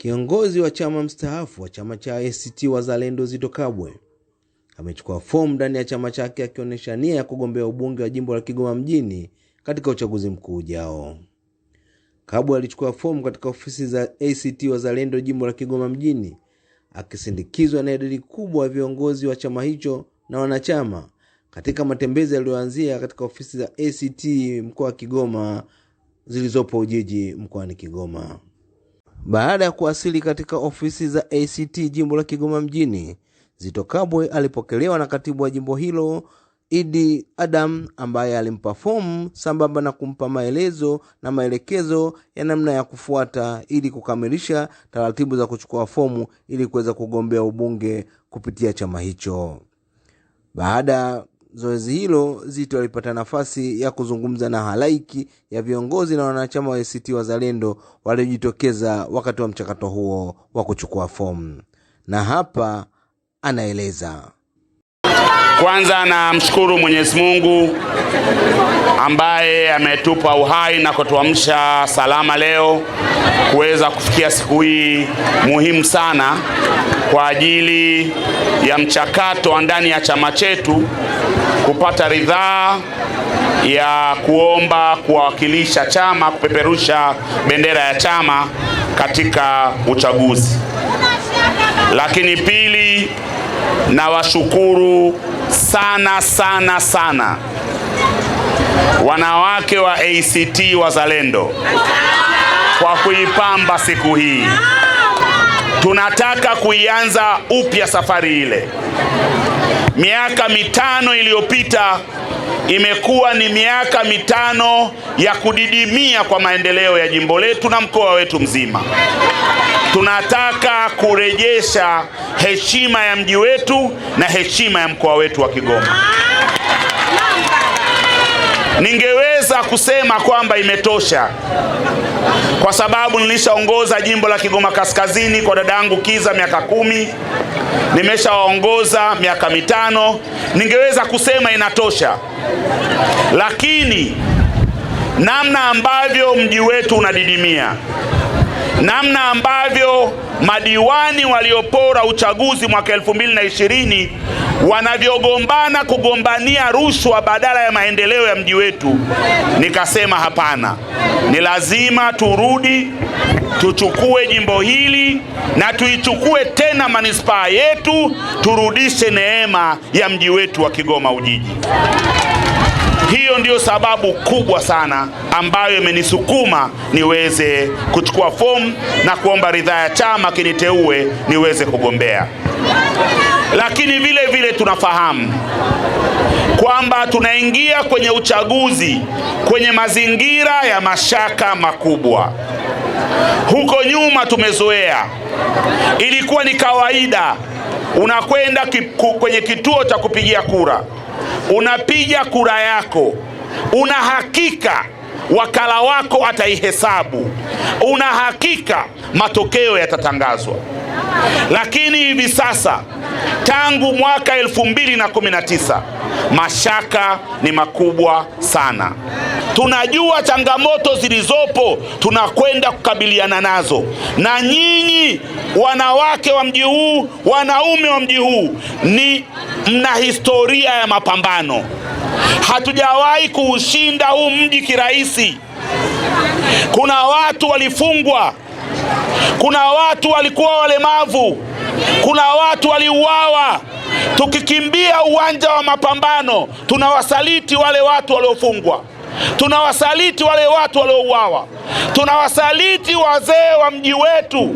Kiongozi wa chama mstaafu wa chama cha ACT Wazalendo Zito Kabwe amechukua fomu ndani ya chama chake akionyesha nia ya kugombea ubunge wa jimbo la Kigoma mjini katika uchaguzi mkuu ujao. Kabwe alichukua fomu katika ofisi za ACT Wazalendo jimbo la Kigoma mjini akisindikizwa na idadi kubwa ya viongozi wa chama hicho na wanachama katika matembezi yaliyoanzia katika ofisi za ACT mkoa wa Kigoma zilizopo Ujiji mkoani Kigoma. Baada ya kuwasili katika ofisi za ACT jimbo la Kigoma mjini, zitokabwe alipokelewa na katibu wa jimbo hilo Idi Adam ambaye alimpa fomu sambamba na kumpa maelezo na maelekezo ya namna ya kufuata ili kukamilisha taratibu za kuchukua fomu ili kuweza kugombea ubunge kupitia chama hicho. Baada zoezi hilo, Zito alipata nafasi ya kuzungumza na halaiki ya viongozi na wanachama wa ACT Wazalendo waliojitokeza wakati wa mchakato huo wa kuchukua fomu, na hapa anaeleza. Kwanza namshukuru Mwenyezi Mungu ambaye ametupa uhai na kutuamsha salama leo kuweza kufikia siku hii muhimu sana kwa ajili ya mchakato wa ndani ya chama chetu kupata ridhaa ya kuomba kuwakilisha chama kupeperusha bendera ya chama katika uchaguzi. Lakini pili, nawashukuru sana sana sana wanawake wa ACT Wazalendo kwa kuipamba siku hii. Tunataka kuianza upya safari ile. Miaka mitano iliyopita imekuwa ni miaka mitano ya kudidimia kwa maendeleo ya jimbo letu na mkoa wetu mzima. Tunataka kurejesha heshima ya mji wetu na heshima ya mkoa wetu wa Kigoma ningeweza kusema kwamba imetosha, kwa sababu nilishaongoza jimbo la Kigoma Kaskazini kwa dada yangu Kiza miaka kumi, nimeshawaongoza miaka mitano. Ningeweza kusema inatosha, lakini namna ambavyo mji wetu unadidimia, namna ambavyo madiwani waliopora uchaguzi mwaka elfu mbili na ishirini wanavyogombana kugombania rushwa badala ya maendeleo ya mji wetu. Nikasema hapana, ni lazima turudi tuchukue jimbo hili na tuichukue tena manispaa yetu, turudishe neema ya mji wetu wa Kigoma Ujiji. Hiyo ndiyo sababu kubwa sana ambayo imenisukuma niweze kuchukua fomu na kuomba ridhaa ya chama kiniteue niweze kugombea. Lakini vile vile tunafahamu kwamba tunaingia kwenye uchaguzi kwenye mazingira ya mashaka makubwa. Huko nyuma tumezoea, ilikuwa ni kawaida, unakwenda kwenye kituo cha kupigia kura, unapiga kura yako, una hakika wakala wako ataihesabu, una hakika matokeo yatatangazwa. Lakini hivi sasa tangu mwaka elfu mbili na kumi na tisa mashaka ni makubwa sana. Tunajua changamoto zilizopo, tunakwenda kukabiliana nazo, na nyinyi wanawake wa mji huu, wanaume wa mji huu, ni mna historia ya mapambano. Hatujawahi kuushinda huu mji kirahisi. Kuna watu walifungwa kuna watu walikuwa walemavu, kuna watu waliuawa. Tukikimbia uwanja wa mapambano, tunawasaliti wale watu waliofungwa, tunawasaliti wale watu waliouawa, tunawasaliti wazee wa mji wetu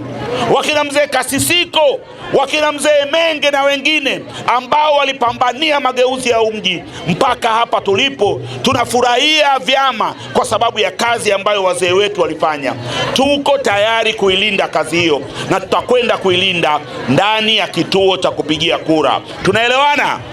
wakina mzee Kasisiko, wakina mzee Menge na wengine ambao walipambania mageuzi ya umji mpaka hapa tulipo. Tunafurahia vyama kwa sababu ya kazi ambayo wazee wetu walifanya. Tuko tayari kuilinda kazi hiyo na tutakwenda kuilinda ndani ya kituo cha kupigia kura. Tunaelewana?